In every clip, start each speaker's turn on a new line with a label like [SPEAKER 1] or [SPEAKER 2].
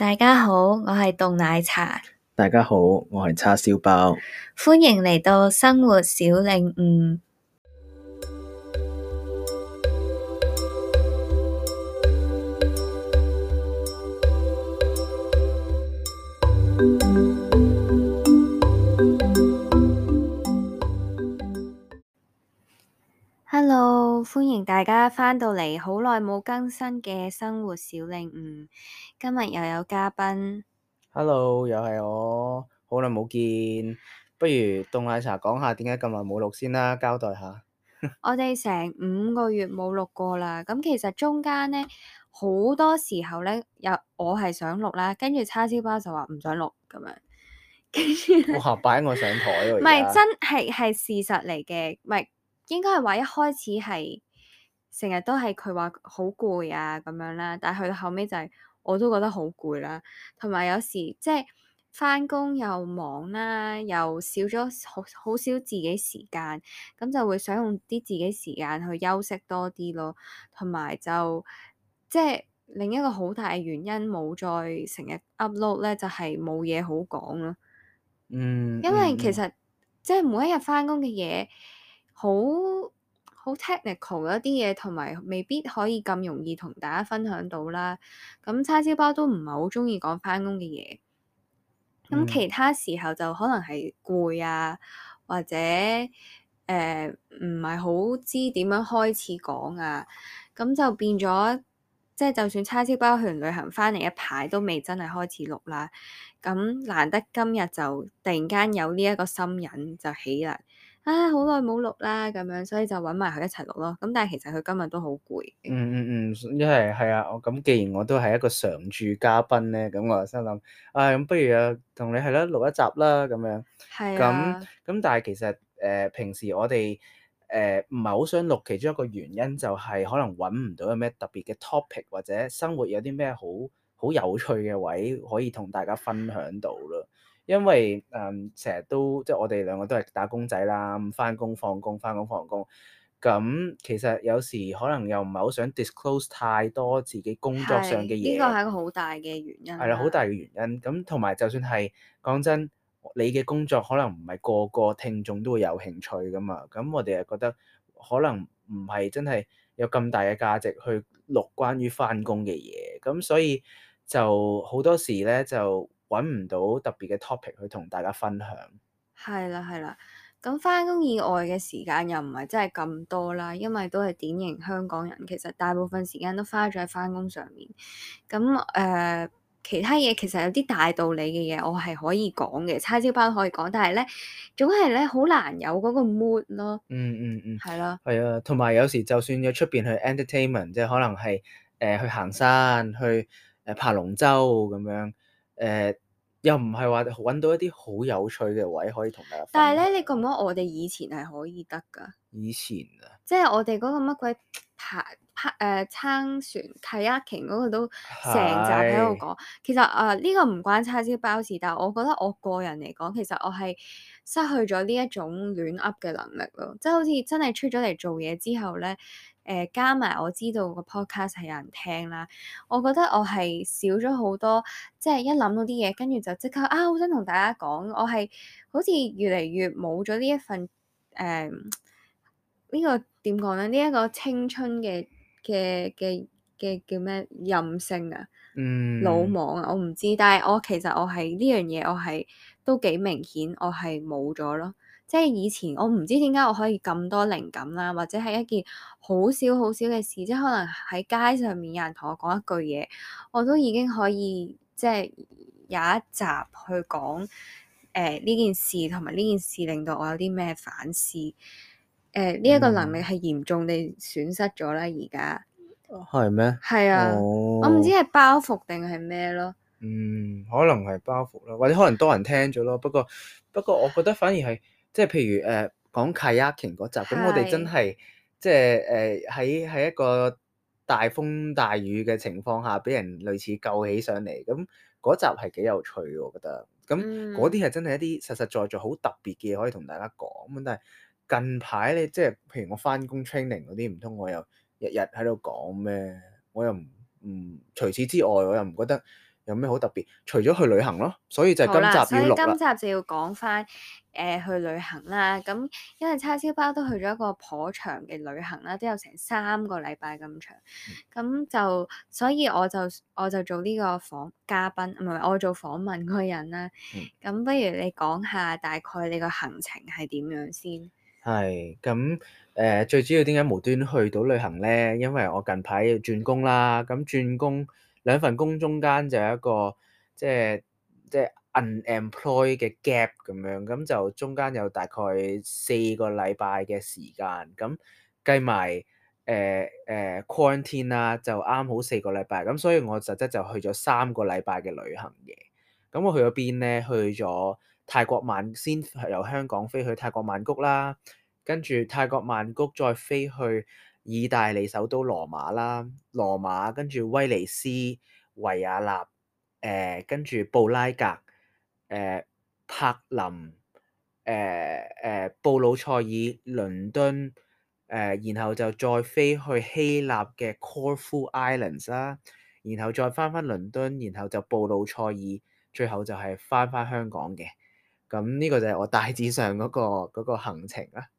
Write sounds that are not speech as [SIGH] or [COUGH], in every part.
[SPEAKER 1] 大家好，我係凍奶茶。
[SPEAKER 2] 大家好，我係叉燒包。
[SPEAKER 1] 歡迎嚟到生活小領悟。好，歡迎大家翻到嚟，好耐冇更新嘅生活小領悟，嗯，今日又有嘉賓。
[SPEAKER 2] Hello，又係我，好耐冇見，不如凍奶茶講下點解咁耐冇錄先啦，交代下。
[SPEAKER 1] [LAUGHS] 我哋成五個月冇錄過啦，咁其實中間呢，好多時候呢，有我係想錄啦，跟住叉燒包就話唔想錄咁樣，
[SPEAKER 2] 跟住哇，擺我上
[SPEAKER 1] 台喎，唔係 [LAUGHS] 真係係事實嚟嘅，係。應該係話一開始係成日都係佢話好攰啊咁樣啦，但係去到後尾就係、是、我都覺得好攰啦。同埋有，有時即係翻工又忙啦，又少咗好好少自己時間，咁就會想用啲自己時間去休息多啲咯。同埋就即係另一個好大嘅原因，冇再成日 upload 咧，就係冇嘢好講咯、嗯。
[SPEAKER 2] 嗯，因為其實、
[SPEAKER 1] 嗯、即係每一日翻工嘅嘢。好好 technical 一啲嘢，同埋未必可以咁容易同大家分享到啦。咁叉燒包都唔係好中意講翻工嘅嘢。咁其他時候就可能係攰啊，或者誒唔係好知點樣開始講啊。咁就變咗，即係就算叉燒包去完旅行翻嚟一排都未真係開始錄啦。咁難得今日就突然間有呢一個心癮就起啦。啊，好耐冇錄啦，咁樣，所以就揾埋佢一齊錄咯。咁但係其實佢今日都好攰，嗯。
[SPEAKER 2] 嗯嗯嗯，因為係啊，我咁既然我都係一個常駐嘉賓咧，咁我就心諗，啊、哎、咁不如啊同你係啦錄一集啦，咁樣。係啊的。咁咁但係其實誒、呃、平時我哋誒唔係好想錄，其中一個原因就係可能揾唔到有咩特別嘅 topic 或者生活有啲咩好好有趣嘅位可以同大家分享到咯。因為誒成日都即係我哋兩個都係打工仔啦，咁翻工放工翻工放工，咁其實有時可能又唔係好想 disclose 太多自己工作上嘅嘢，呢個
[SPEAKER 1] 係一個好大嘅原，原因。係啦，好大
[SPEAKER 2] 嘅原因。咁同埋就算係講真，你嘅工作可能唔係個個聽眾都會有興趣噶嘛。咁我哋就覺得可能唔係真係有咁大嘅價值去錄關於翻工嘅嘢，咁所以就好多時咧就。揾唔到特別嘅 topic 去同大家分享。
[SPEAKER 1] 係啦，係啦。咁翻工以外嘅時間又唔係真係咁多啦，因為都係典型香港人。其實大部分時間都花咗喺翻工上面。咁誒、呃，其他嘢其實有啲大道理嘅嘢，我係可以講嘅，叉燒包可以講。但係咧，總係咧，好難有嗰個 mood 咯。
[SPEAKER 2] 嗯嗯嗯，係、嗯、咯。係、嗯、啊，同埋的有，有時就算有出邊去 entertainment，即係可能係誒、呃、去行山、去誒拍、呃、龍舟咁樣。誒、呃、又唔係話揾到一啲好有趣嘅位可以同
[SPEAKER 1] 你，但係咧，你覺唔覺得我哋以前係可以得㗎？
[SPEAKER 2] 以前啊，
[SPEAKER 1] 即係我哋嗰個乜鬼爬攀誒撐船、泰克 ing 嗰個都成集喺度講。是其實誒呢、呃呢個唔關叉燒包事，但係我覺得我個人嚟講，其實我係失去咗呢一種亂 up 嘅能力咯。即係好似真係出咗嚟做嘢之後咧。誒加埋我知道個 podcast 係有人聽啦，我覺得我係少咗好多，即係一諗到啲嘢，跟住就即刻啊！好想同大家講，我係好似越嚟越冇咗呢一份誒、嗯這個、呢個點講咧？呢、這、一個青春嘅嘅嘅嘅叫咩任性啊？魯、嗯、莽啊！我唔知，但係我其實我係呢樣嘢，我係都幾明顯我，我係冇咗咯。即係以前我唔知點解我可以咁多靈感啦，或者係一件好少好少嘅事，即係可能喺街上面有人同我講一句嘢，我都已經可以即係有一集去講誒呢件事，同埋呢件事令到我有啲咩反思誒呢一個能力係嚴重地損失咗啦，而家
[SPEAKER 2] 係咩？係啊，哦、我唔知係
[SPEAKER 1] 包袱定係咩咯。嗯，
[SPEAKER 2] 可能係包袱啦，或者可能多人聽咗咯。不過
[SPEAKER 1] 不過，我覺得反
[SPEAKER 2] 而係。即係譬如誒、呃、講 kayaking 嗰集，咁是我哋真係即係誒喺喺一個大風大雨嘅情況下，俾人類似救起上嚟，咁嗰集係幾有趣我覺得。咁嗰啲係真係一啲實實在在好特別嘅嘢可以同大家講啊！但係近排咧，即係譬如我翻工 training 嗰啲唔通我又日日喺度講咩？我又唔唔，除此之外，我又唔覺得。有咩好特別？除咗去旅行咯，所以就今集今集
[SPEAKER 1] 就要講返誒、呃、去旅行啦。咁因為叉燒包都去咗一個頗長嘅旅行啦，都有成三個禮拜咁長。咁、嗯、就所以我就我就做呢個訪嘉賓，唔、呃、係我做訪問個人啦。咁、嗯、不如你講下大概你個行程係點樣先？
[SPEAKER 2] 係咁誒，最主要點解無端去到旅行咧？因為我近排要轉工啦，咁轉工，兩份工中間就有一個即係即係 unemployed 嘅 gap 咁樣，咁就中間有大概四個禮拜嘅時間，咁計埋誒誒 quarantine 啦，就啱好四個禮拜，咁所以我實質就去咗三個禮拜嘅旅行嘅。咁我去咗邊咧？去咗泰國曼先由香港飛去泰國曼谷啦，跟住泰國曼谷再飛去。意大利首都羅馬啦，羅馬跟住威尼斯、維也納，誒、呃、跟住布拉格，誒、呃、柏林，誒、呃、誒、呃、布魯塞爾、倫敦，誒、呃、然後就再飛去希臘嘅 Corfu Islands 啦，然後再返返倫敦，然後就布魯塞爾，最後就係返返香港嘅，咁、這、呢個就係我大致上嗰、那個那個行程啦。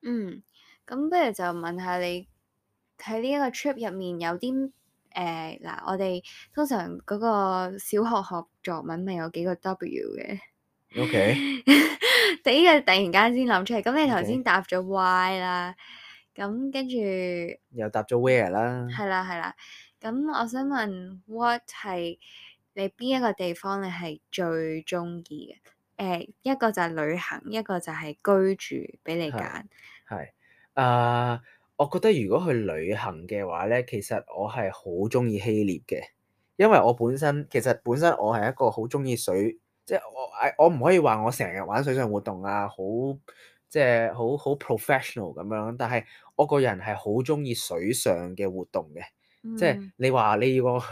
[SPEAKER 1] 嗯。咁不如就問下你喺呢一個 trip 入面有啲誒嗱，我哋通常嗰個小學學作文咪有幾個 W 嘅？OK，呢 [LAUGHS] 個突然間先諗出嚟。咁你頭先答咗 why 啦，咁跟住
[SPEAKER 2] 又答咗 where 啦，係
[SPEAKER 1] 啦係啦。咁我想問 what 係你邊一個地方你係最中意嘅？誒、呃、一個就係旅行，一個就係居住，俾你揀。係。
[SPEAKER 2] 啊，uh, 我覺得如果去旅行嘅話咧，其實我係好中意希臘嘅，因為我本身其實本身我係一個好中意水，即係我誒我唔可以話我成日玩水上活動啊，好即係好好 professional 咁樣，但係我個人係好中意水上嘅活動嘅，
[SPEAKER 1] 即係、mm.
[SPEAKER 2] 你話你要我去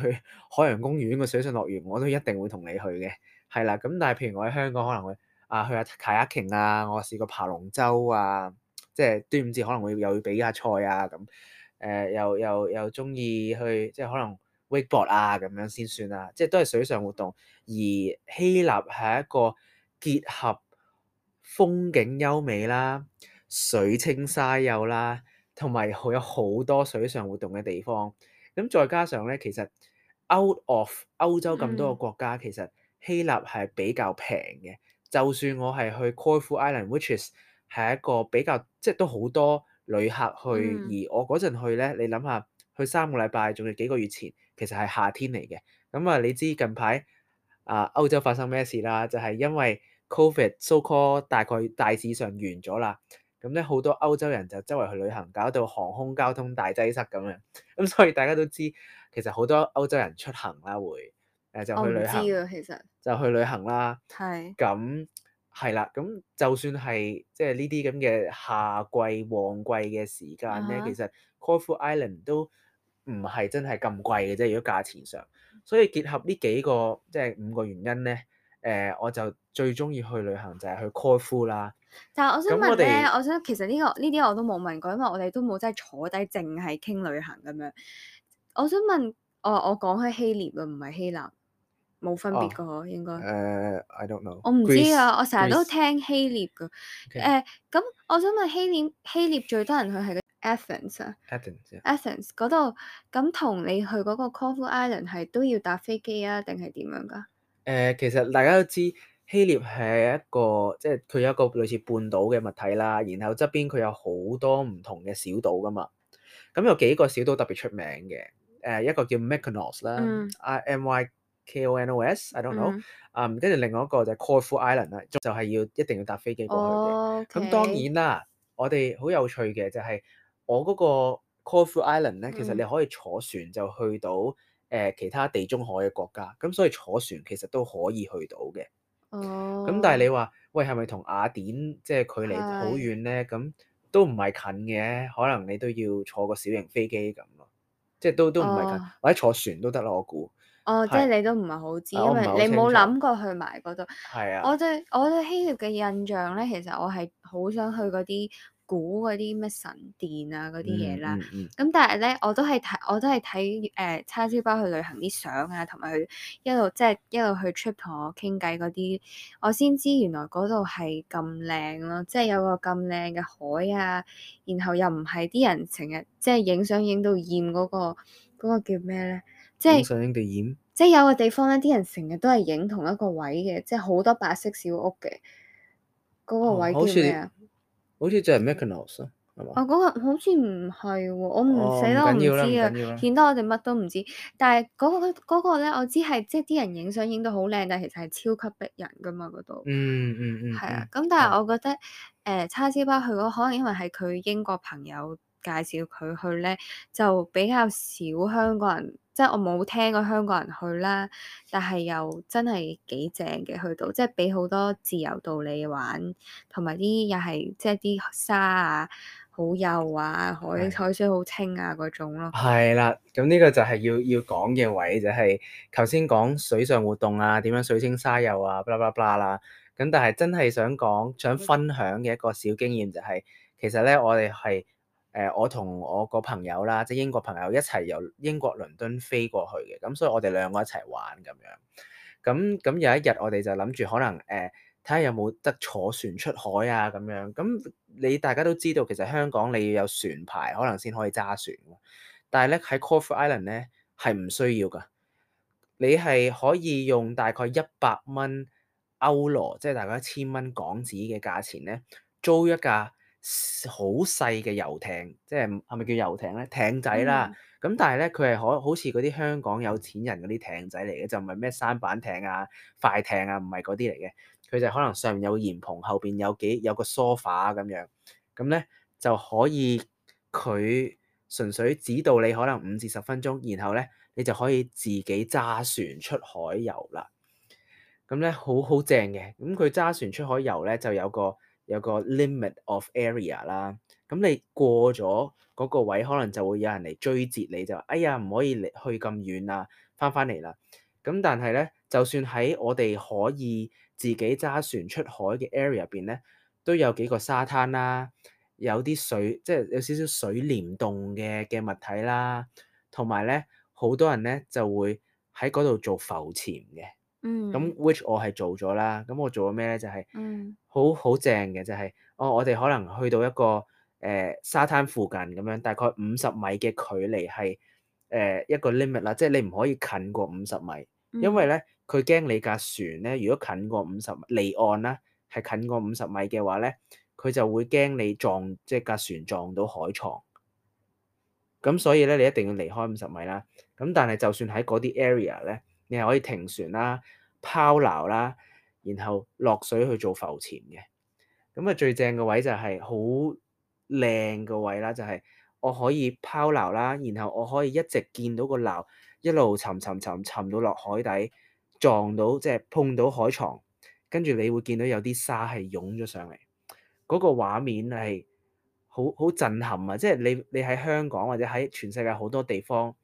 [SPEAKER 2] 海洋公園個水上樂園，我都一定會同你去嘅，係啦，咁但係譬如我喺香港可能會啊去下 Kayaking 啊，我試過爬龍舟啊。即係端午節可能會又要比下賽啊咁，誒、呃、又又又中意去即係可能 wakeboard 啊咁樣先算啊，即係都係水上活動。而希臘係一個結合風景優美啦、水清沙幼啦，同埋佢有好多水上活動嘅地方。咁再加上咧，其實 out of 歐洲咁多個國家，mm. 其實希臘係比較平嘅。就算我係去 Corfu Island，which is 係一個比較，即係都好多旅客去，嗯、而我嗰陣去咧，你諗下，去三個禮拜，仲要幾個月前，其實係夏天嚟嘅。咁、嗯、啊，你知近排啊歐洲發生咩事啦？就係、是、因為 Covid so called 大概大致上完咗啦。咁咧好多歐洲人就周圍去旅行，搞到航空交通大擠塞咁樣。咁、嗯、所以大家都知，其實好多歐洲人出行啦，會誒就去旅行。我唔
[SPEAKER 1] 知啊，其實
[SPEAKER 2] 就去旅行啦。係是。咁。係啦，咁就算係即係呢啲咁嘅夏季旺季嘅時間咧，啊、其實 Corfu Island 都唔係真係咁貴嘅啫，如果價錢上。所以結合呢幾個即係、就是、五個原因咧，誒、呃，我就最中意去旅行就係去 Corfu 啦。
[SPEAKER 1] 但係我想問咧，我，我想其實呢、呢個呢啲我都冇問過，因為我哋都冇真係坐低淨係傾旅行咁樣。我想問，哦、我我講開希臘啊，唔係希臘。冇分別噶應該，誒、uh，I don't know。我唔知啊，Greece, 我成日都聽希臘噶，誒 Okay.、呃，咁我想問希臘希臘最多人去係個 Athens 啊
[SPEAKER 2] ，Athens，Athens
[SPEAKER 1] 嗰度咁，同你去嗰個 Corfu Island 係都要搭飛機啊，定係點樣噶？
[SPEAKER 2] 誒、呃，其實大家都知希臘係一個即係佢有一個類似半島嘅物體啦，然後側邊佢有好多唔同嘅小島噶嘛，咁有幾個小島特別出名嘅，誒、呃，一個叫 Mykonos 啦、mm.，I M Y。K O N O S，I don't know。嗯，跟住另外一個就 Corfu Island 啦，就係要一定要搭飛機過去。嘅 Okay.、嗯。
[SPEAKER 1] 咁、嗯、當
[SPEAKER 2] 然啦，我哋好有趣嘅就係、是、我嗰個 Corfu Island 咧，其實你可以坐船就去到誒、呃、其他地中海嘅國家。咁、嗯、所以坐船其實都可以去到嘅。哦、
[SPEAKER 1] oh. 嗯。咁但
[SPEAKER 2] 係你話，喂，係咪同雅典即係、就是、距離好遠咧？咁、oh. 嗯嗯、都唔係近嘅，可能你都要坐個小型飛機咁咯。即係都都唔係近，或者坐船都得啦。我估。
[SPEAKER 1] 哦，oh, 是即係你都唔係好知，因為你冇諗過去埋嗰度。係啊！我對我對希臘嘅印象咧，其實我係好想去嗰啲古嗰啲咩神殿啊嗰啲嘢啦。咁、嗯嗯嗯、但係咧，我都係睇我都係睇誒叉燒包去旅行啲相啊，同埋佢一路即係、就是、一路去 trip 同我傾偈嗰啲，我先知原來嗰度係咁靚咯，即係有個咁靚嘅海啊，然後又唔係啲人成日即係影相影到厭嗰、嗰個嗰、嗰個嗰個叫咩咧？即係
[SPEAKER 2] 上影地影，
[SPEAKER 1] 即係有個地方咧，啲人成日都係影同一個位嘅，即係好多白色小屋嘅嗰、那個位叫咩、哦哦那
[SPEAKER 2] 個、啊？好似就係 Mykonos 啊，哦、係嘛？啊
[SPEAKER 1] 嗰個好似唔係喎，我唔死我唔知啊，顯得我哋乜都唔知。但係嗰、那個嗰咧、那個，我知係即係啲人影相影到好靚，但係其實係超級逼人噶嘛嗰度、那個嗯。嗯嗯嗯。係啊，咁但係我覺得誒、嗯呃、叉燒包去嗰可能因為係佢英國朋友。介紹佢去咧，就比較少香港人，即係我冇聽過香港人去啦。但係又真係幾正嘅，去到即係俾好多自由度你玩，同埋啲又係即係啲沙啊，好幼啊，海海水好清啊嗰的種咯、
[SPEAKER 2] 啊。係啦，咁呢個就係要要講嘅位就係、是，頭先講水上活動啊，點樣水清沙幼啊，巴拉巴拉啦。咁但係真係想講想分享嘅一個小經驗就係、是，其實咧我哋係。誒，我同我個朋友啦，即係英國朋友一齊由英國倫敦飛過去嘅，咁所以我哋兩個一齊玩咁樣。咁咁有一日我哋就諗住可能誒，睇下有冇得坐船出海啊咁樣。咁你大家都知道，其實香港你要有船牌可能先可以揸船，但係咧喺 Corfu Island 咧係唔需要㗎。你係可以用大概一百蚊歐羅，即係大概一千蚊港紙嘅價錢咧租一架。好細嘅遊艇，即係係咪叫遊艇咧？艇仔啦，咁但係咧，佢係可好似嗰啲香港有錢人嗰啲艇仔嚟嘅，就唔係咩舢舨艇啊、快艇啊，唔係嗰啲嚟嘅。佢就可能上面有個簷篷，後邊有幾有個 sofa 咁、啊、樣。咁咧就可以佢純粹指導你可能五至十分鐘，然後咧你就可以自己揸船出海遊啦。咁咧好好正嘅，咁佢揸船出海遊咧就有個，有個 limit of area 啦，咁你過咗嗰個位，可能就會有人嚟追截你，就話：哎呀，唔可以嚟去咁遠啦，翻返嚟啦。咁但係咧，就算喺我哋可以自己揸船出海嘅 area 入邊咧，都有幾個沙灘啦，有啲水，即係有少少水簾洞嘅嘅物體啦，同埋咧，好多人咧就會喺嗰度做浮潛嘅。嗯，咁 which 我係做咗啦，咁我做咗咩咧？就係好好正嘅，就係、是、哦，我哋可能去到一個誒、呃、沙灘附近咁樣，大概五十米嘅距離係誒一個 limit 啦，即、就、係、是、你唔可以近過五十米，因為咧佢驚你架船咧，如果近過五十離岸啦，係近過五十米嘅話咧，佢就會驚你撞，即係架船撞到海床，咁所以咧你一定要離開五十米啦。咁但係就算喺嗰啲 area 咧。你係可以停船啦、拋錨啦，然後落水去做浮潛嘅。咁啊，最正嘅位就係好靚嘅位啦，就係我可以拋錨啦，然後我可以一直見到個錨一路沉沉沉沉，沉到落海底，撞到即係、就是、碰到海床，跟住你會見到有啲沙係湧咗上嚟，嗰、那個畫面係好好震撼啊！即係你你喺香港或者喺全世界好多地方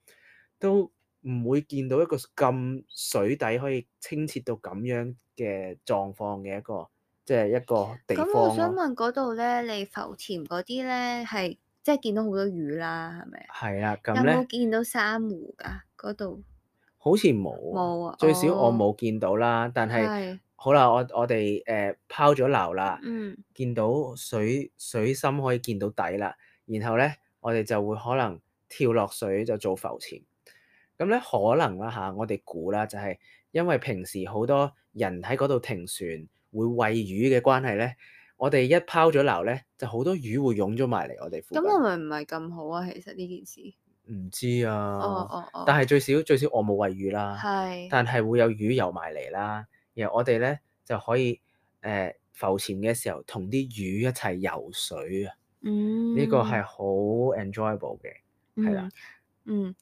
[SPEAKER 2] 都。唔會見到一個咁水底可以清澈到咁樣嘅狀況嘅一個，即係一個地方啊。我想問
[SPEAKER 1] 嗰度咧，你浮潛嗰啲咧係即係見到好多魚啦，係咪？
[SPEAKER 2] 係啊，咁咧有冇見
[SPEAKER 1] 到珊瑚噶嗰度？
[SPEAKER 2] 好似冇，冇啊！最少我冇見到啦，但係好啦，我我哋誒、呃、拋咗樓啦，嗯、見到水水深可以見到底啦，然後咧我哋就會可能跳落水就做浮潛。咁咧可能啦嚇、啊，我哋估啦，就係、是、因為平時好多人喺嗰度停船會餵魚嘅關係咧，我哋一拋咗錨咧，就好多魚會湧咗埋嚟我哋附近。
[SPEAKER 1] 咁係咪唔係咁好啊？其實呢件事
[SPEAKER 2] 唔知啊，oh, oh, oh. 但係最少最少我冇餵魚啦，是但係會有魚游埋嚟啦，然後我哋咧就可以誒、呃、浮潛嘅時候同啲魚一齊游水啊，呢、嗯、個係好 enjoyable 嘅，係
[SPEAKER 1] 啦、嗯，嗯。嗯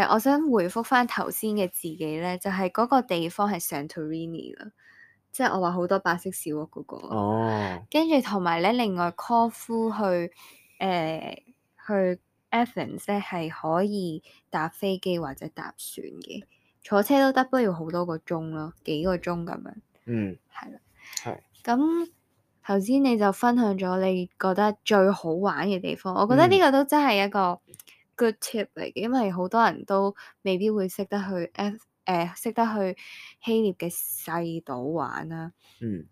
[SPEAKER 1] 係，我想回覆返頭先嘅自己咧，就係、是、嗰個地方係 Santorini 啦，即係我話好多白色小屋嗰個。哦，跟住同埋咧，另外科夫去誒、呃、去 Athens、e、咧係可以搭飛機或者搭船嘅，坐車都得，不過要好多個鐘咯，幾個鐘咁樣。嗯，係啦了，係是。咁頭先你就分享咗你覺得最好玩嘅地方，我覺得呢個都真係一個，嗯 good tip 嚟嘅，因為好多人都未必會識得去 F 誒、呃、識得去希臘嘅細島玩啦、啊。嗯。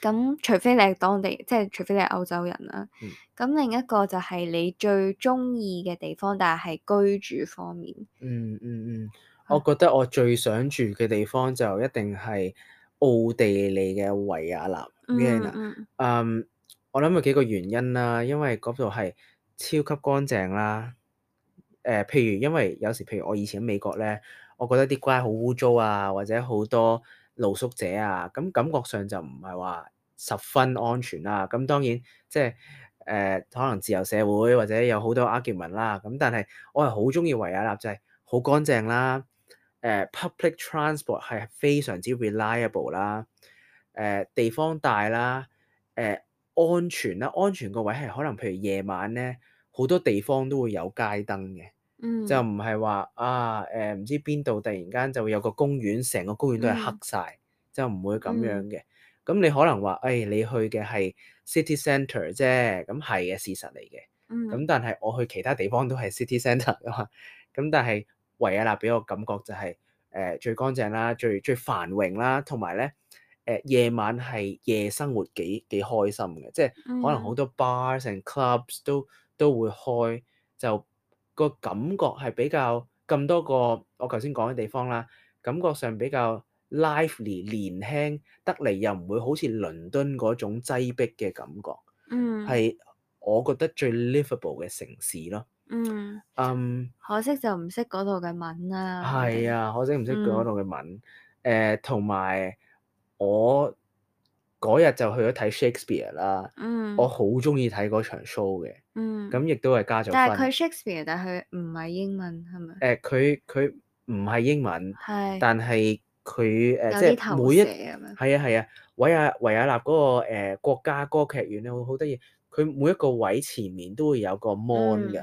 [SPEAKER 1] 咁除非你係當地，即係除非你係歐洲人啦、啊。咁、嗯、另一個就係你最中意嘅地方，但係係居住方面。嗯嗯嗯，我
[SPEAKER 2] 覺得我最想住嘅地方就一定係奧地利嘅維也納。我諗有幾個原因啦，因為嗰度係超級乾淨啦。誒、呃，譬如因為有時，譬如我以前喺美國咧，我覺得啲街好污糟啊，或者好多露宿者啊，咁、嗯、感覺上就唔係話十分安全啦、啊。咁、嗯、當然即係誒、呃，可能自由社會或者有好多 argument 啦。咁但係我係好中意維也納，就係好乾淨啦。誒、呃、public transport 係非常之 reliable 啦。誒、呃，地方大啦。誒、呃，安全啦，安全個位係可能譬如夜晚咧。好多地方都會有街燈嘅，嗯、就唔係話啊誒唔知邊度突然間就會有個公園，成個公園都係黑晒，嗯、就唔會咁樣嘅。咁、嗯、你可能話，誒、哎、你去嘅係 city centre 啫，咁係嘅事實嚟嘅。咁、嗯、但係我去其他地方都係 city centre 噶嘛。咁但係維也納俾我感覺就係、是、誒、呃、最乾淨啦，最最繁榮啦，同埋咧誒夜晚係夜生活幾幾開心嘅，即、就、係、是、可能好多 bars and clubs 都、嗯。嗯都會開就個感覺係比較咁多個我頭先講嘅地方啦，感覺上比較 lively，年輕得嚟又唔會好似倫敦嗰種擠逼嘅感覺，嗯，係我覺得最 livable 嘅城市咯，
[SPEAKER 1] 嗯，嗯，可惜就唔識嗰度嘅文啦，係
[SPEAKER 2] 啊，可惜唔識佢嗰度嘅文，誒同埋我。嗰日就去咗睇 Shakespeare 啦，我好中意睇嗰場 show 嘅，咁亦都係加咗分。但係佢
[SPEAKER 1] Shakespeare，但
[SPEAKER 2] 係唔係英文係咪？誒，佢佢唔係英文，但係佢誒即係每一，係啊係啊，維也維也納嗰個誒國家歌劇院咧，好好得意。佢每一個位前面都會有個 mon 嘅，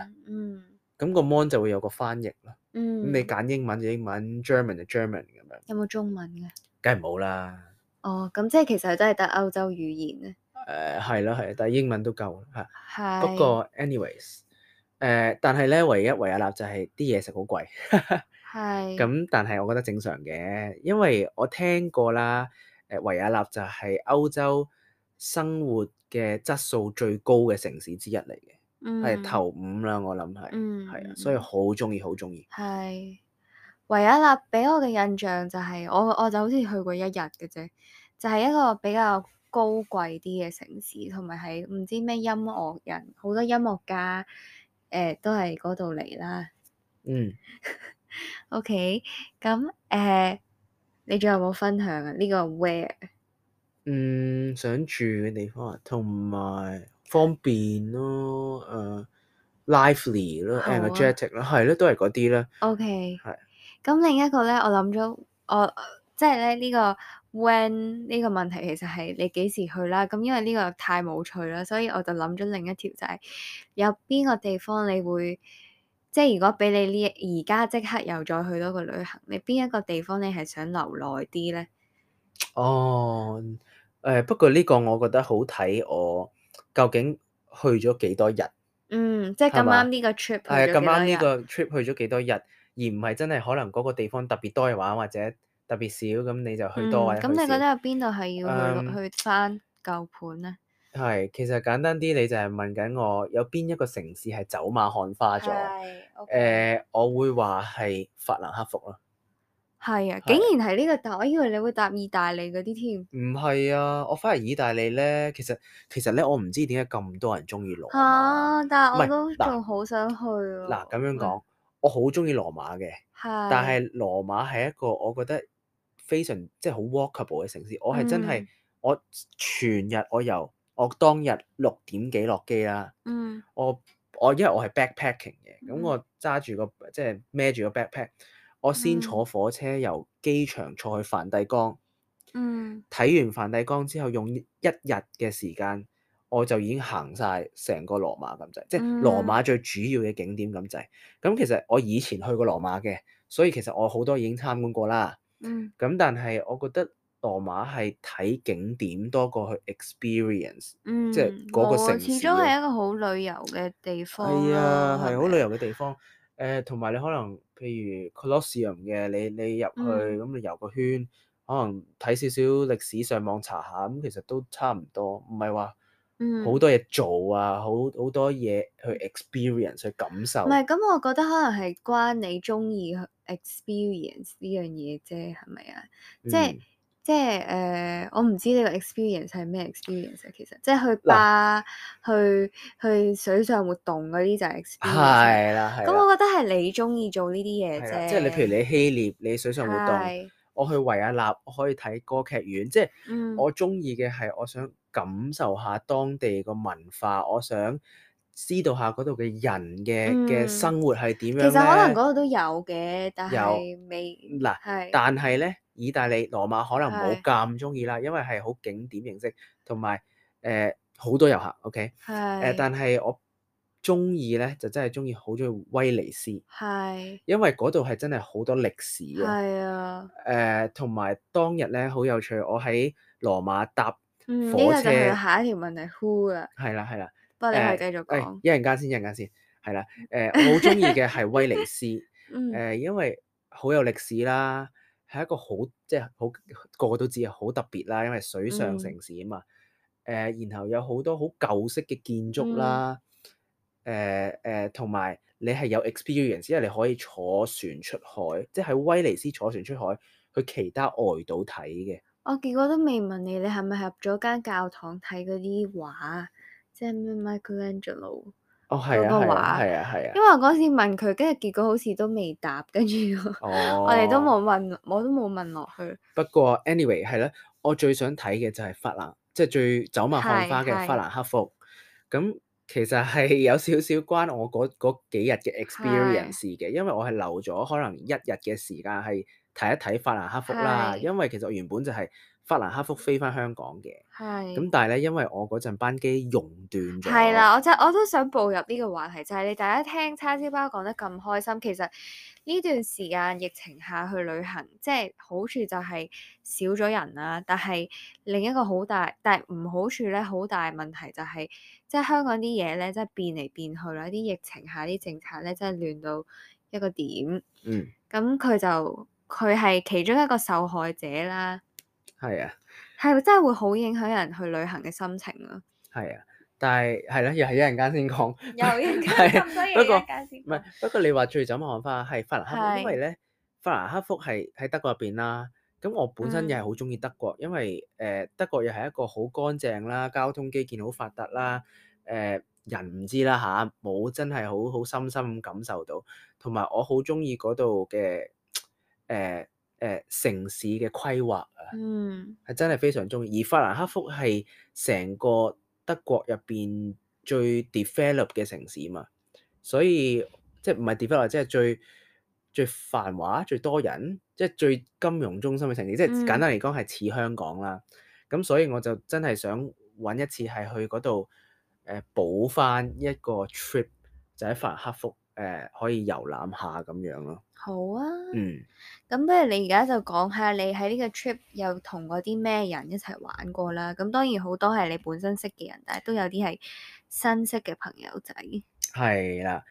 [SPEAKER 2] 咁個 mon 就會有個翻譯啦。
[SPEAKER 1] 咁你
[SPEAKER 2] 揀英文就英文，German 就 German 咁
[SPEAKER 1] 樣。有冇中文嘅？梗係冇啦。哦，咁即係其實真係得歐洲語言咧。
[SPEAKER 2] 誒係啦，係，但係英文都夠啦，嚇。係。不過，anyways，誒，但係咧，唯一維也納就係啲嘢食好貴。係。咁但係我覺得正常嘅，因為我聽過啦，誒維也納就係歐洲生活嘅質素最高嘅城市之一嚟嘅，
[SPEAKER 1] 係頭
[SPEAKER 2] 五啦，我諗係。嗯。係啊，所以好中意，好中意。
[SPEAKER 1] 係。唯一啦，俾我嘅印象就係、是、我我就好似去過一日嘅啫，就係、是、一個比較高貴啲嘅城市，同埋喺唔知咩音樂人，好多音樂家誒、呃、都係嗰度嚟啦。嗯。OK，咁誒，你仲有冇分享啊？呢、這個 where？嗯，
[SPEAKER 2] 想住嘅地方啊，同埋方便咯，誒、呃、lively 咯、啊、energetic 咯，係咯 Okay，都係嗰啲啦。
[SPEAKER 1] OK。係。咁另一個咧，我諗咗，我即係咧呢、呢個 when 呢個問題，其實係你幾時去啦？咁因為呢個太冇趣啦，所以我就諗咗另一條就係有邊個地方你會，即係如果俾你呢而家即刻又再去多個旅行，你邊一個地方你係想留耐啲咧？
[SPEAKER 2] 哦，誒、呃、不過呢個我覺得好睇，我究竟去咗幾多日？
[SPEAKER 1] 嗯，即係咁啱呢個 trip，係啊吧，咁啱呢個
[SPEAKER 2] trip 去咗幾多日？嗯而唔係真係可能嗰個地方特別多嘅話，或者特別少，咁你就去多。咁、嗯嗯、你覺得
[SPEAKER 1] 有邊度係要去去返舊盤咧？
[SPEAKER 2] 係、嗯、其實簡單啲，你就係問緊我有邊一個城市係走馬看花咗？係。誒、
[SPEAKER 1] okay. 呃，
[SPEAKER 2] 我會話係法蘭克福囉。
[SPEAKER 1] 係啊，啊竟然係呢、呢個答，我以為你會答意大利嗰啲添。
[SPEAKER 2] 唔係啊，我返嚟意大利咧，其實其實咧，我唔知點解咁多人中意羅。嚇、
[SPEAKER 1] 啊！但係我都仲好想去啊。嗱，
[SPEAKER 2] 咁樣講。我好中意羅馬嘅，
[SPEAKER 1] 的但係
[SPEAKER 2] 羅馬係一個我覺得非常即係、就、好、是、walkable 嘅城市。我係真係、嗯、我全日我由我當日六點幾落機啦，嗯、我我因為我係 backpacking 嘅，咁、嗯、我揸住個即係孭住個 backpack，我先坐火車、嗯、由機場坐去梵蒂岡，睇、嗯、完梵蒂岡之後用一日嘅時間。我就已經行晒成個羅馬咁滯，即係羅馬最主要嘅景點咁滯。咁、嗯、其實我以前去過羅馬嘅，所以其實我好多已經參觀過啦。咁、嗯、但係我覺得羅馬係睇景點多過去 experience、嗯、即係嗰個城市。哦，始終
[SPEAKER 1] 係一個好旅遊嘅地方。係、呃、啊，
[SPEAKER 2] 係好旅遊嘅地方。誒，同埋你可能譬如 Colosseum 嘅，你你入去咁，你遊個圈，嗯、可能睇少少歷史，上網查下咁，其實都差唔多，唔係話。好、嗯、多嘢做啊，好好多嘢去 experience 去感受。唔係
[SPEAKER 1] 咁，我覺得可能係關你中意 experience 呢樣嘢啫，係咪啊？嗯、即係即係誒、呃，我唔知呢個 experience 係咩 experience、啊。其實即係去巴喏去去水上活動嗰啲就係 experience。係啦，
[SPEAKER 2] 係啦。咁我覺
[SPEAKER 1] 得係你中意做呢啲嘢啫。即係你譬如
[SPEAKER 2] 你希臘，你水上活動，的我去維也納，我可以睇歌劇院。即係、嗯、我中意嘅係，我想。感受下當地個文化，我想知道下嗰度嘅人嘅嘅生活係點樣咧。其實可能嗰
[SPEAKER 1] 度都有嘅，但係未
[SPEAKER 2] 嗱。但係咧，意大利羅馬可能冇咁中意啦，因為係好景點形式，同埋誒好多遊客。OK，誒，但係我中意咧，就真係中意好中意威尼斯，係因為嗰度係真係好多歷史嘅，係啊誒，同埋當日咧好有趣，我喺羅馬搭。呢、嗯、車個就係下
[SPEAKER 1] 一條問題，who 啊？
[SPEAKER 2] 係啦係啦，不過你係繼續講。一陣間先，一陣間先，係啦。誒、呃，我好中意嘅係威尼斯，誒、 [LAUGHS] 呃，因為好有歷史啦，係一個好即係好個個都知係，好特別啦，因為水上城市啊嘛。誒、嗯呃，然後有好多好舊式嘅建築啦，誒誒、嗯，同埋、呃呃、你係有 experience，因為你可以坐船出海，即係喺威尼斯坐船出海去其他外島睇嘅。
[SPEAKER 1] 我結果都未問你，你係咪入咗間教堂睇嗰啲畫，即係咩 Michelangelo 嗰
[SPEAKER 2] 個畫？哦，係啊係啊，啊啊啊因
[SPEAKER 1] 為嗰次問佢，跟住結果好似都未答，跟住我哋都冇問，哦、問，我都冇問落去。
[SPEAKER 2] 不過 anyway 係啦，我最想睇嘅就係法蘭，即係最走馬看花嘅法蘭克福。咁其實係有少少關我嗰嗰幾日嘅 experience 嘅，是因為我係留咗可能一日嘅時間係。睇一睇法蘭克福啦，是的 因為其實原本就係法蘭克福飛翻香港嘅，咁
[SPEAKER 1] 是的 但
[SPEAKER 2] 係咧，因為我嗰陣班機熔斷咗。係啦，我
[SPEAKER 1] 就我都想步入呢個話題，就係你大家聽叉燒包講得咁開心，其實呢段時間疫情下去旅行，即係好處就係少咗人啦，但係另一個好大，但係唔好處咧，好大問題就係，即係香港啲嘢咧，即係變嚟變去啦，啲疫情下啲政策咧，真係亂到一個點。嗯。咁佢就。佢係其中一個受害者啦，
[SPEAKER 2] 係啊，
[SPEAKER 1] 係真係會好影響人去旅行嘅心情咯。
[SPEAKER 2] 係啊，但係係咧，又係一陣間先講，又
[SPEAKER 1] 陣間咁多嘢，先講。
[SPEAKER 2] 唔係，不過你話最震撼嘅係法蘭克福，是因為咧，法蘭克福係喺德國入邊啦。咁我本身又係好中意德國，嗯、因為誒，德國又係一個好乾淨啦，交通基建好發達啦，誒，人唔知啦吓，冇真係好好深深咁感受到。同埋我好中意嗰度嘅。誒誒、呃呃、城市嘅規劃
[SPEAKER 1] 啊，
[SPEAKER 2] 係、mm. 真係非常中意。而法蘭克福係成個德國入邊最 develop 嘅城市啊嘛，所以即係唔係 develop ed, 即係最最繁華最多人，即係最金融中心嘅城市。即係、mm. 簡單嚟講係似香港啦。咁所以我就真係想揾一次係去嗰度誒補翻一個 trip，就喺法蘭克福。誒、呃、可以遊覽下咁樣咯，啊，
[SPEAKER 1] 好啊，嗯，咁不如你而家就講下你喺呢個 trip 又同嗰啲咩人一齊玩過啦，咁當然好多係你本身識嘅人，但係都有啲係新識嘅朋友仔。
[SPEAKER 2] 係啦、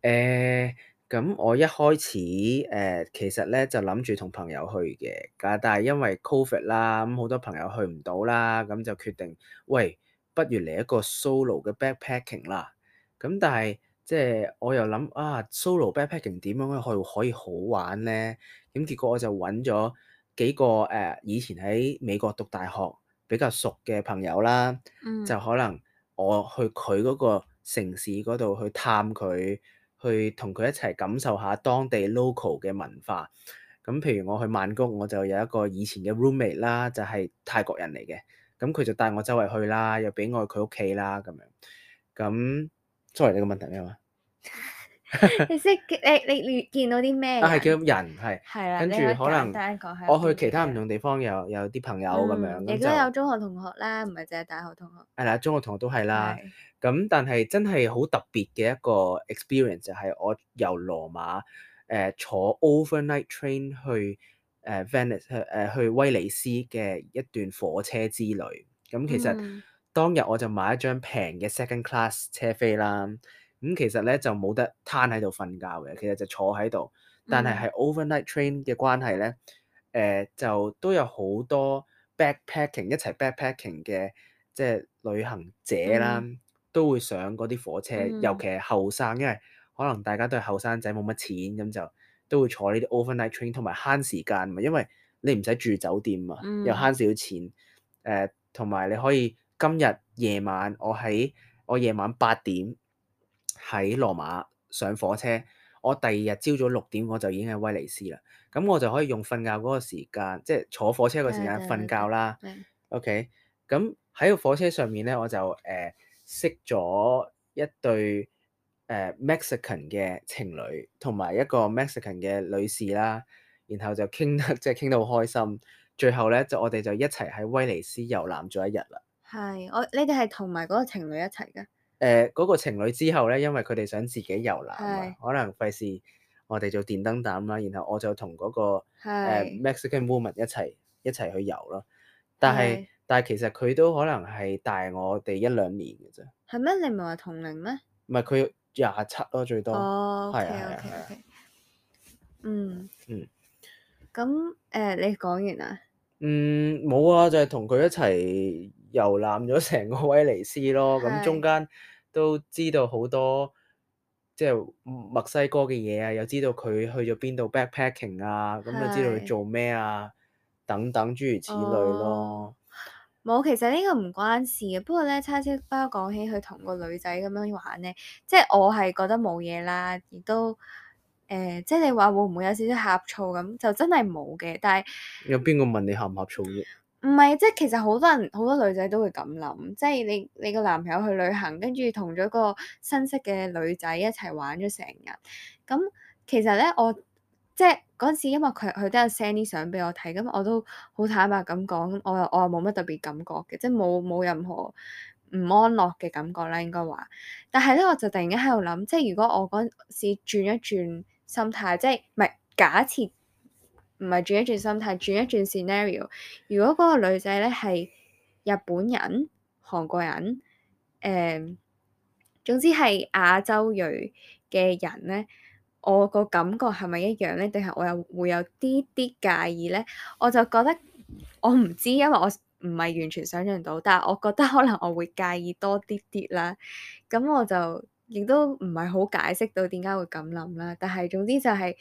[SPEAKER 2] 嗯，誒，咁、呃、我一開始誒、呃、其實咧就諗住同朋友去嘅，但係因為 COVID 啦，咁好多朋友去唔到啦，咁就決定，喂，不如嚟一個 solo 嘅 backpacking 啦，咁但係。即係我又諗啊，solo backpacking 點樣去可以好玩咧？咁結果我就揾咗幾個誒、呃、以前喺美國讀大學比較熟嘅朋友啦，嗯、就可能我去佢嗰個城市嗰度去探佢，去同佢一齊感受下當地 local 嘅文化。咁譬如我去曼谷，我就有一個以前嘅 roommate 啦，就係、是、泰國人嚟嘅，咁佢就帶我周圍去啦，又俾我去佢屋企啦咁樣，咁。作為 Sorry, [LAUGHS] 你個問題咩話？ [LAUGHS] 你
[SPEAKER 1] 識你你見到啲咩？啊係叫
[SPEAKER 2] 人係。係啦。跟住的可能，我去其他唔同地方有有啲朋友咁樣。亦都、嗯、就有
[SPEAKER 1] 中學同學啦，唔係淨係大學同
[SPEAKER 2] 學。係啦，中學同學都係啦。咁的但係真係好特別嘅一個 experience 就係我由羅馬誒、呃、坐 overnight train 去誒、呃、Venice 誒、呃、去威尼斯嘅一段火車之旅。咁其實。嗯當日我就買一張平嘅 second class 車飛啦。咁、嗯、其實咧就冇得攤喺度瞓覺嘅，其實就坐喺度。但係係 overnight train 嘅關係咧，誒、呃、就都有好多 backpacking 一齊 backpacking 嘅即係、就是、旅行者啦，嗯、都會上嗰啲火車，嗯、尤其係後生，因為可能大家都係後生仔冇乜錢，咁就都會坐呢啲 overnight train，同埋慳時間嘛，因為你唔使住酒店啊，又慳少錢誒，同、呃、埋你可以。今日夜晚我喺我夜晚八點喺羅馬上火車，我第二日朝早六點我就已經喺威尼斯啦。咁我就可以用瞓覺嗰個時間，即係坐火車個時間瞓覺啦。 [MUSIC] OK，咁喺個火車上面咧，我就誒識咗一對誒 Mexican 嘅情侶，同埋一個 Mexican 嘅女士啦。然後就傾得即係傾到好開心，最後咧就我哋就一齊喺威尼斯遊覽咗一日啦。
[SPEAKER 1] 係我，你哋係同埋嗰個情侶一齊噶？
[SPEAKER 2] 誒，嗰個情侶之後咧，因為佢哋想自己遊覽，可能費事我哋做電燈膽啦。然後我就同嗰個誒 Mexican woman 一齊一齊去遊。咯但係但係，其實佢都可能係大我哋一兩年嘅啫。
[SPEAKER 1] 係咩？你唔係話同齡咩？
[SPEAKER 2] 唔係，佢廿七咯，最多係啊。係啊，係啊，嗯嗯。
[SPEAKER 1] 咁誒，你講完啦？
[SPEAKER 2] 嗯，冇啊，就係同佢一齊。遊覽咗成個威尼斯咯，咁、嗯嗯、中間都知道好多即係、就是、墨西哥嘅嘢啊，又知道佢去咗邊度 backpacking 啊，咁、嗯嗯、又知道佢做咩啊，等等諸如此類咯。
[SPEAKER 1] 冇、哦，其實呢個唔關事嘅。不過咧，叉燒包講起佢同個女仔咁樣玩咧，即係我係覺得冇嘢啦，亦都誒、呃，即係你話會唔會有少少呷醋咁？就真係冇嘅。但係
[SPEAKER 2] 有邊個問你呷唔呷醋啫？
[SPEAKER 1] 唔係，即係其實好多人好多女仔都會咁諗，即係你你個男朋友去旅行，跟住同咗個新識嘅女仔一齊玩咗成日，咁其實咧我即係嗰陣時，因為佢佢都有 send 啲相俾我睇，咁我都好坦白咁講，我又我又冇乜特別感覺嘅，即係冇冇任何唔安樂嘅感覺啦，應該話。但係咧，我就突然間喺度諗，即係如果我嗰陣時轉一轉心態，即係唔係假設。唔係轉一轉心態，轉一轉 scenario。如果嗰個女仔咧係日本人、韓國人，誒、呃，總之係亞洲裔嘅人咧，我個感覺係咪一樣咧？定係我又會有啲啲介意咧？我就覺得我唔知，因為我唔係完全想像到，但係我覺得可能我會介意多啲啲啦。咁我就亦都唔係好解釋到點解會咁諗啦。但係總之就係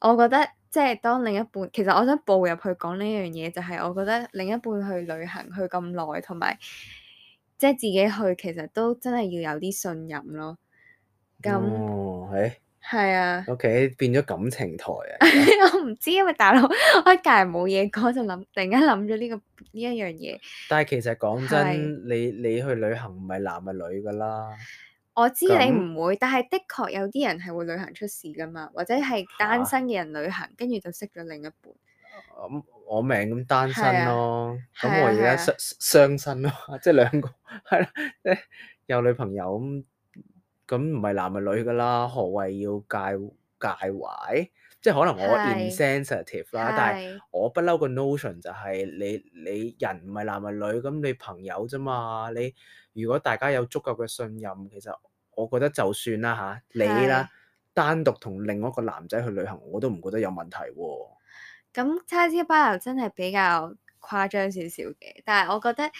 [SPEAKER 1] 我覺得。即係當另一半，其實我想步入去講呢樣嘢，就係、是、我覺得另一半去旅行去咁耐，同埋即係自己去，其實都真係要有啲信任咯。咁係係啊。O.K.
[SPEAKER 2] 變咗感情台啊！
[SPEAKER 1] [LAUGHS] 我唔知，因為大佬我一隔日冇嘢講，就諗突然間諗咗呢個呢一樣嘢。
[SPEAKER 2] 但係其實講真，是你你去旅行唔係男係女㗎啦。
[SPEAKER 1] 我知你唔會，但係的確有啲人係會旅行出事噶嘛，或者係單身嘅人旅行，跟住、啊、就識咗另一半。咁、啊
[SPEAKER 2] 啊、我命咁單身咯，咁、啊啊、我而家雙身、啊啊、雙身咯，即係兩個係啦，即 [LAUGHS] 係 [LAUGHS] 有女朋友咁，咁唔係男係女噶啦，何謂要介介懷？即係可能我 insensitive 啦，啊、但係我不嬲個 notion 就係、是、你你，你人唔係男係女，咁你朋友啫嘛，你如果大家有足夠嘅信任，其實。我覺得就算啦嚇，你啦的單獨同另外一個男仔去旅行，我都唔覺得有問題喎、啊。
[SPEAKER 1] 咁叉燒包友真係比較誇張少少嘅，但係我覺得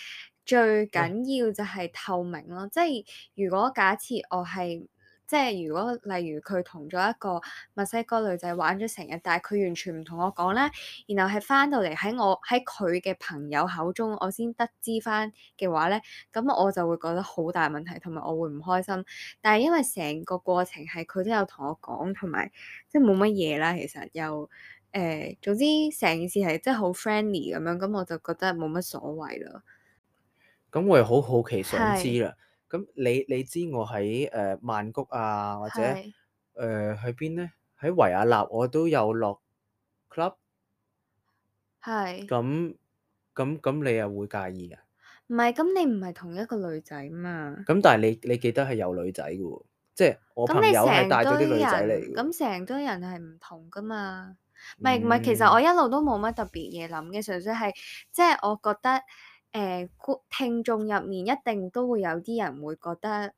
[SPEAKER 1] 最緊要就係透明咯。嗯、即係如果假設我係。即係如果例如佢同咗一個墨西哥女仔玩咗成日，但係佢完全唔同我講咧，然後係翻到嚟喺我喺佢嘅朋友口中，我先得知翻嘅話咧，咁我就會覺得好大問題，同埋我會唔開心。但係因為成個過程係佢都有同我講，同埋即係冇乜嘢啦，其實又誒、呃，總之成件事係即係好 friendly 咁樣，咁我就覺得冇乜所謂咯。
[SPEAKER 2] 咁我又好好奇想知啦～咁你你知我喺誒曼谷啊，或者誒去邊咧？喺維也納我都有落 club，係咁咁咁，你又會介意㗎？
[SPEAKER 1] 唔係，咁你唔係同一個女仔嘛？
[SPEAKER 2] 咁但係你你記得係有女仔㗎喎，即係我朋友係帶咗啲女仔嚟。
[SPEAKER 1] 咁成堆人係唔同噶嘛？唔係唔係，其實我一路都冇乜特別嘢諗嘅，純粹係即係我覺得。誒顧聽眾入面一定都會有啲人會覺得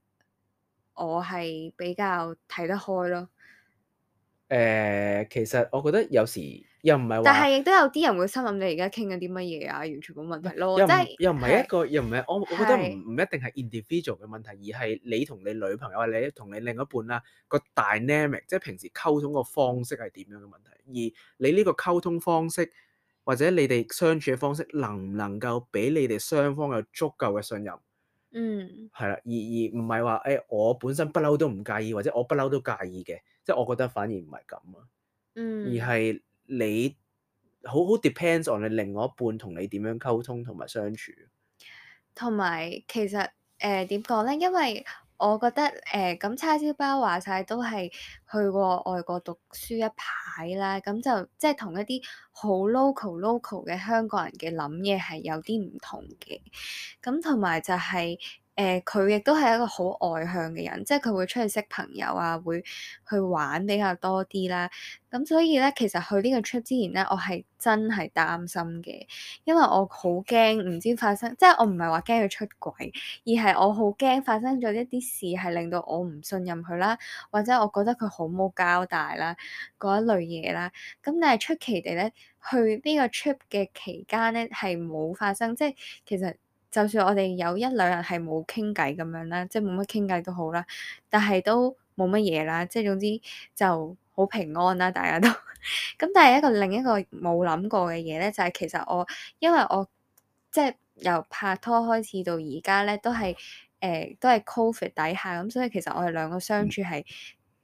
[SPEAKER 1] 我係比較睇得開咯。
[SPEAKER 2] 誒、呃，其實我覺得有時又唔係話，但係
[SPEAKER 1] 亦都有啲人會心諗你而家傾緊啲乜嘢啊，完全冇問題咯。又唔不係、就是、一
[SPEAKER 2] 個，是又唔係我，我覺得唔唔是一定係 individual 嘅問題，而係你同你女朋友，或你同你另一半啦個 dynamic，即係平時溝通個方式係點樣嘅問題。而你呢個溝通方式。或者你哋相處嘅方式能唔能夠俾你哋雙方有足夠嘅信任？嗯，係啦，而而唔係話誒，我本身不嬲都唔介意，或者我不嬲都介意嘅，即係我覺得反而唔係咁啊。嗯，
[SPEAKER 1] 而係
[SPEAKER 2] 你好好 depends on 你另外一半同你點樣溝通同埋相處，
[SPEAKER 1] 同埋其實誒點講咧，因為。我覺得誒咁、呃、叉燒包話晒都係去過外國讀書一排啦，咁就即係同一啲好 loc local local 嘅香港人嘅諗嘢係有啲唔同嘅，咁同埋就係、是。誒佢亦都係一個好外向嘅人，即係佢會出去識朋友啊，會去玩比較多啲啦。咁所以咧，其實去呢個 trip 之前咧，我係真係擔心嘅，因為我好驚唔知發生，即係我唔係話驚佢出軌，而係我好驚發生咗一啲事係令到我唔信任佢啦，或者我覺得佢好冇交代啦嗰一類嘢啦。咁但係出奇地咧，去呢個 trip 嘅期間咧係冇發生，即係其實。就算我哋有一兩日係冇傾偈咁樣、就是、啦，即係冇乜傾偈都好啦，但係都冇乜嘢啦，即係總之就好平安啦，大家都。咁 [LAUGHS] 但係一個另一個冇諗過嘅嘢咧，就係、是、其實我因為我即係、就是、由拍拖開始到而家咧，都係誒、呃、都係 Covid 底下咁，所以其實我哋兩個相處係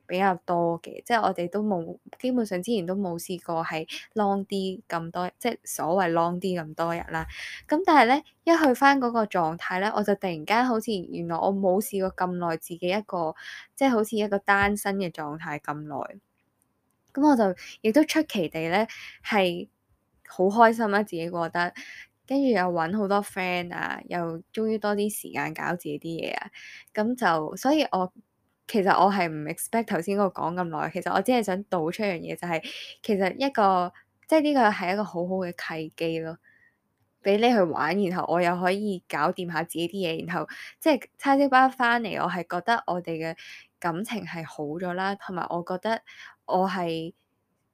[SPEAKER 1] 比較多嘅，即係我哋都冇，基本上之前都冇試過係 long 啲咁多，即係所謂 long 啲咁多日啦。咁但係咧，一去翻嗰個狀態咧，我就突然間好似原來我冇試過咁耐自己一個，即係好似一個單身嘅狀態咁耐。咁我就亦都出奇地咧，係好開心啊！自己覺得，跟住又搵好多 friend 啊，又終於多啲時間搞自己啲嘢啊，咁就所以我。其實我係唔 expect 頭先嗰個講咁耐，其實我只係想道出一樣嘢，就係其實一個，即係呢個係一個好好嘅契機咯，俾你去玩，然後我又可以搞掂下自己啲嘢，然後即係叉燒包翻嚟，我係覺得我哋嘅感情係好咗啦，同埋我覺得我係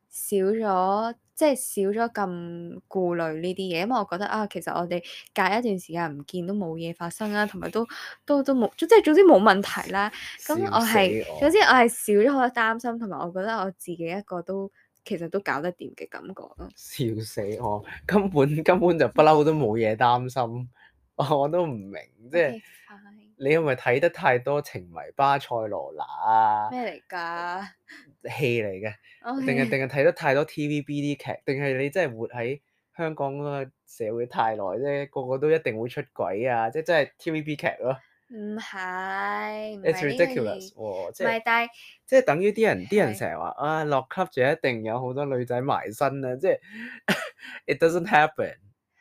[SPEAKER 1] 少咗。即係少咗咁顧慮呢啲嘢，因為我覺得啊，其實我哋隔一段時間唔見都冇嘢發生啦，同埋都都都冇，即係總之冇問題啦。咁我係總之我係少咗好多擔心，同埋我覺得我自己一個都其實都搞得掂嘅感覺咯。
[SPEAKER 2] 笑死我，根本根本就不嬲都冇嘢擔心， [LAUGHS] 我都唔明，即係。Okay. 你係咪睇得太多情迷巴塞羅那啊？咩
[SPEAKER 1] 嚟㗎？
[SPEAKER 2] 戲嚟嘅，
[SPEAKER 1] 定係定係
[SPEAKER 2] 睇得太多 TVB 啲劇，定係你真係活喺香港嗰個社會太耐咧？個個都一定會出軌啊！即係即係 TVB 劇咯、
[SPEAKER 1] 啊。唔係，It's ridiculous
[SPEAKER 2] 喎、哦！即係是即係等於啲人，啲是人成日話啊，落 club 就一定有好多女仔埋身啊！即
[SPEAKER 1] 係
[SPEAKER 2] [LAUGHS] [LAUGHS] It doesn't happen。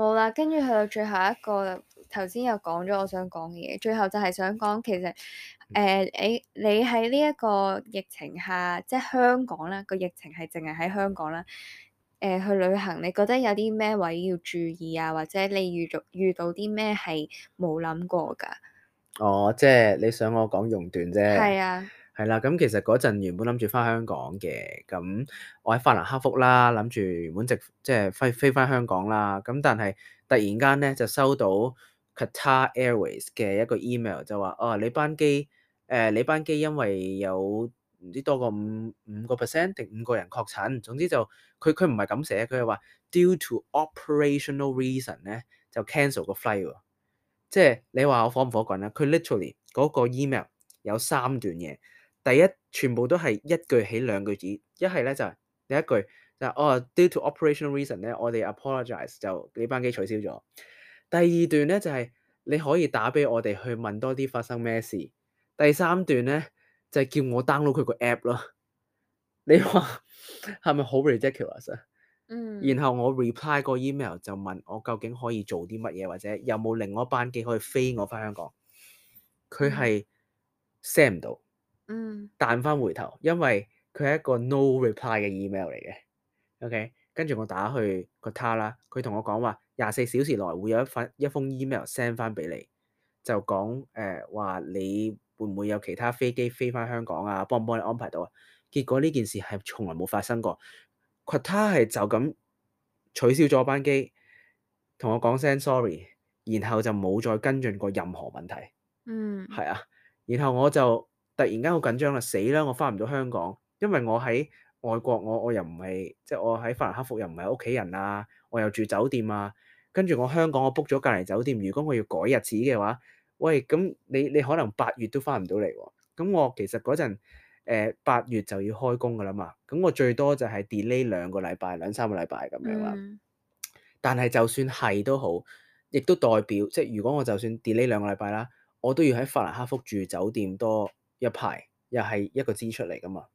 [SPEAKER 1] 冇啦，跟住去到最後一個，頭先又講咗我想講嘅嘢，最後就係想講其實，誒、呃、你你喺呢一個疫情下，即係香港啦個疫情係淨係喺香港啦。誒、呃，去旅行你覺得有啲咩位要注意啊？或者你遇遇遇到啲咩係冇諗過噶？
[SPEAKER 2] 哦，即係你想我講熔斷啫。係啊。係啦，咁、嗯、其實嗰陣原本諗住翻香港嘅，咁、嗯、我喺法蘭克福啦，諗住原本直即係飛飛翻香港啦，咁、嗯、但係突然間咧就收到 Qatar Airways 嘅一個 email 就話：哦，你班機誒、呃，你班機因為有唔知多過五五個 percent 定五個人確診，總之就佢佢唔係咁寫，佢係話 due to operational reason 咧就 cancel 個 flight 即係、就是、你話我火唔火滾咧？佢 literally 嗰個 email 有三段嘢。第一，全部都係一句起兩句子，一係咧就係第一句就係哦，due to operational reason 咧，我哋 apologize 就呢班機取消咗。第二段咧就係你可以打俾我哋去問多啲發生咩事。第三段咧就係叫我 download 佢個 app 咯。你話係咪 [LAUGHS] 好 ridiculous 啊？嗯。然後我 reply 個 email 就問我究竟可以做啲乜嘢，或者有冇另外一班機可以飛我翻香港。佢係 send 唔到。嗯，彈返回頭，因為佢係一個 no reply 嘅 email 嚟嘅，OK，跟住我打去 Qatar 啦，佢同我講話廿四小時內會有一份一封 email send 返俾你，就講誒話你會唔會有其他飛機飛返香港啊？幫唔幫你安排到啊？結果呢件事係從來冇發生過，佢 Qatar 係就咁取消咗班機，同我講聲 sorry，然後就冇再跟進過任何問題。嗯，係啊，然後我就。突然間好緊張啦！死啦！我翻唔到香港，因為我喺外國，我我又唔係即係我喺法蘭克福又唔係屋企人啊，我又住酒店啊。跟住我香港我 book 咗隔離酒店，如果我要改日子嘅話，喂咁你你可能八月都翻唔到嚟喎。咁我其實嗰陣誒八月就要開工㗎啦嘛。咁我最多就係 delay 兩個禮拜兩三個禮拜咁樣啦。但係就算係都好，亦都代表即係、就是、如果我就算 delay 兩個禮拜啦，我都要喺法蘭克福住酒店多一排又係一個支出嚟㗎嘛，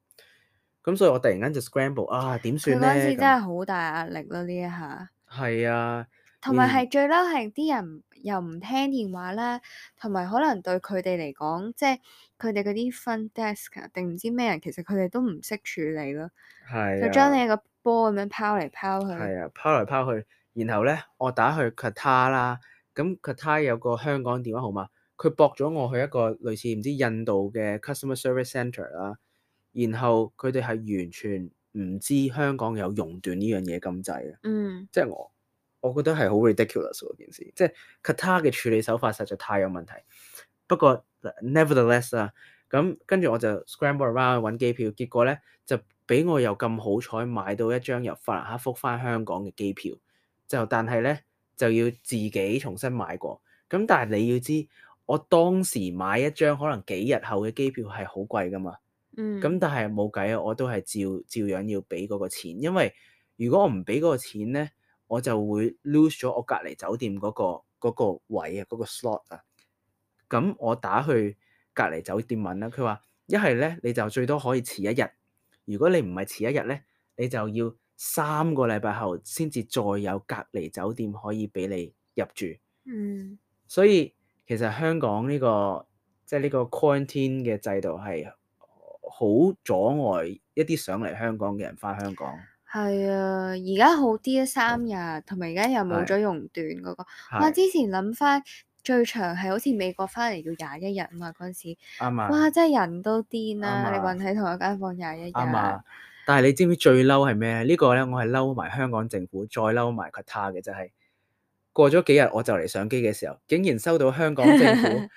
[SPEAKER 2] 咁所以我突然間就 scramble 啊點算咧？嗰次真
[SPEAKER 1] 係好大壓力咯呢一下。
[SPEAKER 2] 係啊，
[SPEAKER 1] 同埋係最嬲係啲人又唔聽電話啦，同埋可能對佢哋嚟講，即係佢哋嗰啲 front desk 定唔知咩人，其實佢哋都唔識處理咯。
[SPEAKER 2] 係啊，就將你
[SPEAKER 1] 個波咁樣拋嚟拋去。係
[SPEAKER 2] 啊，拋嚟拋去，然後咧我打去 Qatar 啦，咁 Qatar 有個香港電話號碼。佢駁咗我去一個類似唔知印度嘅 customer service centre 啦，然後佢哋係完全唔知香港有熔斷呢樣嘢咁滯嘅，嗯，即係我我覺得係好 ridiculous 喎。件事即係 Qatar 嘅處理手法實在太有問題。不過 nevertheless 啊，咁跟住我就 scramble around 揾機票，結果咧就俾我又咁好彩買到一張由法蘭克福翻香港嘅機票，就但係咧就要自己重新買過。咁但係你要知。我當時買一張可能幾日後嘅機票係好貴噶嘛，咁、嗯、但係冇計啊，我都係照照樣要俾嗰個錢，因為如果我唔俾嗰個錢咧，我就會 lose 咗我隔離酒店嗰個嗰個位啊，嗰個 slot 啊。咁我打去隔離酒店問啦，佢話一係咧你就最多可以遲一日，如果你唔係遲一日咧，你就要三個禮拜後先至再有隔離酒店可以俾你入住。嗯，所以。其實香港呢、這個即係呢個 quarantine 嘅制度係好阻礙一啲上嚟香港嘅人翻香港。
[SPEAKER 1] 係啊，嗯、而家好啲啊，三日，同埋而家又冇咗熔斷嗰、那個。是我之前諗翻最長係好似美國翻嚟要廿一日嘛，嗰陣時。
[SPEAKER 2] 啱啊的！哇，
[SPEAKER 1] 真係人都癲啦！的你困喺同一間房廿一日。啱啊！
[SPEAKER 2] 但係你知唔知最嬲係咩？呢個咧，我係嬲埋香港政府，再嬲埋 Qatar 嘅就係、是。過咗幾日，我就嚟上機嘅時候，竟然收到香港政府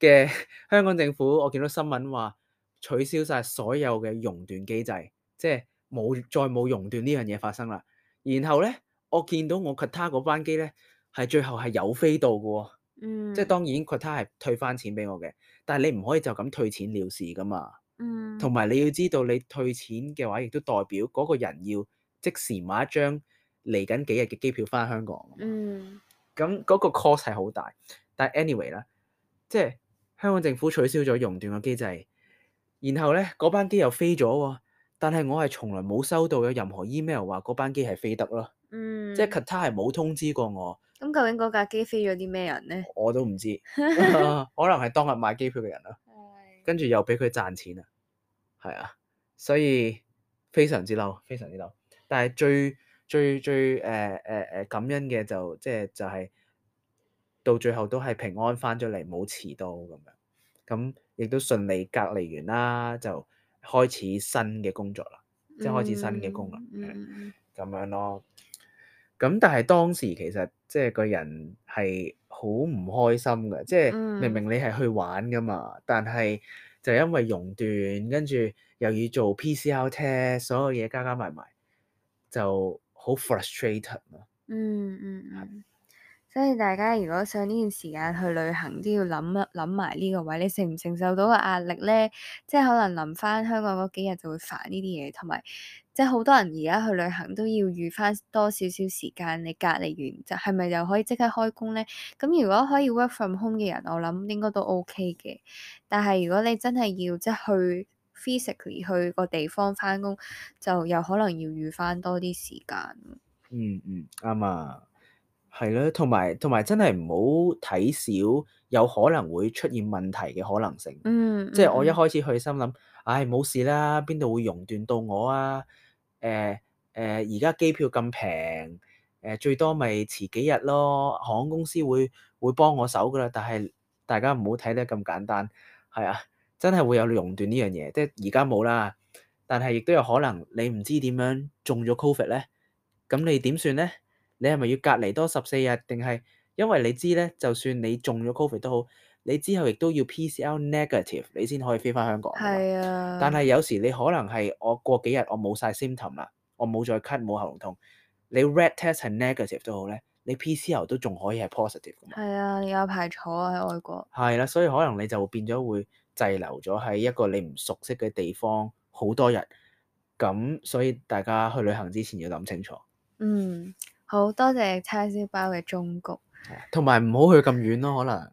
[SPEAKER 2] 嘅 [LAUGHS] 香港政府，我見到新聞話取消晒所有嘅熔斷機制，即係冇再冇熔斷呢樣嘢發生啦。然後咧，我見到我 Qatar 嗰班機咧，係最後係有飛到嘅喎、哦，嗯、即係當然 Qatar 係退翻錢俾我嘅。但係你唔可以就咁退錢了事噶嘛，同埋、嗯、你要知道，你退錢嘅話，亦都代表嗰個人要即時買一張，嚟緊幾日嘅機票翻香港，咁嗰、嗯、個 cost 係好大，但係 anyway 啦，即係香港政府取消咗熔斷嘅機制，然後咧嗰班機又飛咗喎，但係我係從來冇收到有任何 email 話嗰班機係飛得咯，嗯、即係 Qatar 係冇通知過我。
[SPEAKER 1] 咁、嗯、究竟嗰架機飛咗啲咩人咧？
[SPEAKER 2] 我都唔知， [LAUGHS] [LAUGHS] 可能係當日買機票嘅人啦，的跟住又俾佢賺錢啦，係啊，所以非常之嬲，非常之嬲，但係最最最誒誒誒感恩嘅就即、是、係就係、是、到最後都係平安翻咗嚟，冇遲到咁樣，咁亦都順利隔離完啦，就開始新嘅工作啦，嗯、
[SPEAKER 1] 即係開始新嘅功
[SPEAKER 2] 能。咁、嗯、樣咯。咁但係當時其實即係個人係好唔開心嘅，即係、嗯、明明你係去玩噶嘛，但係就因為熔斷，跟住又要做 PCR test，所有嘢加加埋埋就～好 frustrated 嗯嗯嗯，
[SPEAKER 1] 所以大家如果想呢段時間去旅行，都要諗一諗埋呢個位，你承唔承受到個壓力咧？即係可能臨翻香港嗰幾日就會煩呢啲嘢，同埋即係好多人而家去旅行都要預翻多少少時間。你隔離完就係咪又可以即刻開工咧？咁如果可以 work from home 嘅人，我諗應該都 OK 嘅。但係如果你真係要即係去，physically 去個地方返工，就有可能要預返多啲時間。嗯嗯，
[SPEAKER 2] 啱、嗯、啊，係咯，同埋同埋真係唔好睇少有可能會出現問題嘅可能性。
[SPEAKER 1] 嗯，即、嗯、係我一
[SPEAKER 2] 開始去心諗，唉冇、嗯嗯哎、事啦，邊度會熔斷到我啊？誒、呃、誒，而、呃、家機票咁平，誒、呃、最多咪遲幾日咯，航空公司會會幫我手噶啦。但係大家唔好睇得咁簡單，係啊。真係會有熔斷呢樣嘢，即係而家冇啦。但係亦都有可能你唔知點樣中咗 Covid 咧，咁你點算咧？你係咪要隔離多十四日？定係因為你知咧，就算你中咗 Covid 都好，你之後亦都要 PCR negative 你先可以飛翻香港。
[SPEAKER 1] 係啊。但係
[SPEAKER 2] 有時你可能係我過幾日我冇晒 symptom 啦，我冇再咳冇喉嚨痛，你 RAT test 係 negative 都好咧，你 PCR 都仲可以係 positive。
[SPEAKER 1] 係啊，你有排坐喺外國。
[SPEAKER 2] 係啦、啊，所以可能你就變咗會。滯留咗喺一個你唔熟悉嘅地方好多日，咁所以大家去旅行之前要諗清楚。嗯，
[SPEAKER 1] 好多謝叉燒包嘅忠告，
[SPEAKER 2] 同埋唔好去咁遠咯，可能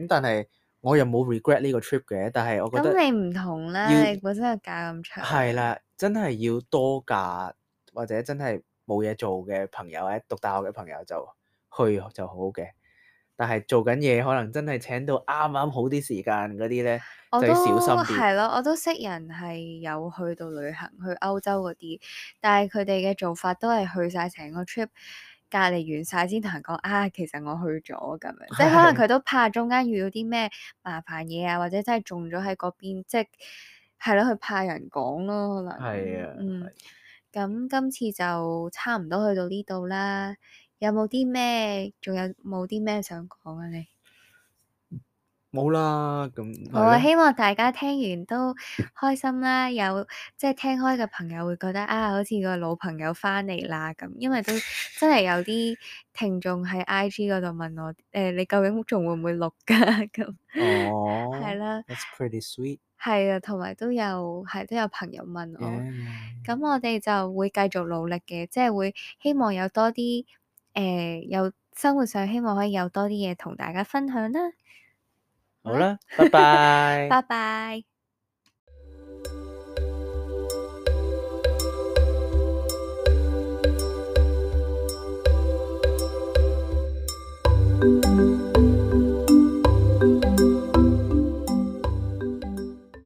[SPEAKER 2] 咁，但係我又冇 regret 呢個 trip 嘅，但係我覺得咁你
[SPEAKER 1] 唔同啦，你本身嘅假咁長，
[SPEAKER 2] 係啦，真係要多假或者真係冇嘢做嘅朋友咧，讀大學嘅朋友就去就好嘅。但係做緊嘢，可能真係請到啱啱好啲時間嗰啲咧，我都就小心啲。係
[SPEAKER 1] 咯，我都識人係有去到旅行去歐洲嗰啲，但係佢哋嘅做法都係去晒成個 trip 隔離完晒先同人講啊，其實我去咗咁樣，的即係可能佢都怕中間遇到啲咩麻煩嘢啊，或者真係中咗喺嗰邊，即係係咯，佢怕人講咯，可能。係啊的。嗯。咁今的、嗯、次就差唔多去到呢度啦。有冇啲咩？仲有冇啲咩想講啊你？你
[SPEAKER 2] 冇啦，咁、嗯、我希
[SPEAKER 1] 望大家聽完都開心啦。 [LAUGHS] 有即係、就是、聽開嘅朋友會覺得啊，好似個老朋友翻嚟啦咁。因為都真係有啲聽眾喺 I G 嗰度問我，誒、呃，你究竟仲會唔會錄噶？
[SPEAKER 2] 咁 [LAUGHS] 哦樣，係、oh, 啦，that's pretty sweet.
[SPEAKER 1] 係啊，同埋都有係都有朋友問我，咁 Yeah. 我哋就會繼續努力嘅，即、就、係、是、會希望有多啲。誒，有生活上希望可以有多啲嘢同大家分享啦。
[SPEAKER 2] 好啦，拜拜，拜
[SPEAKER 1] 拜。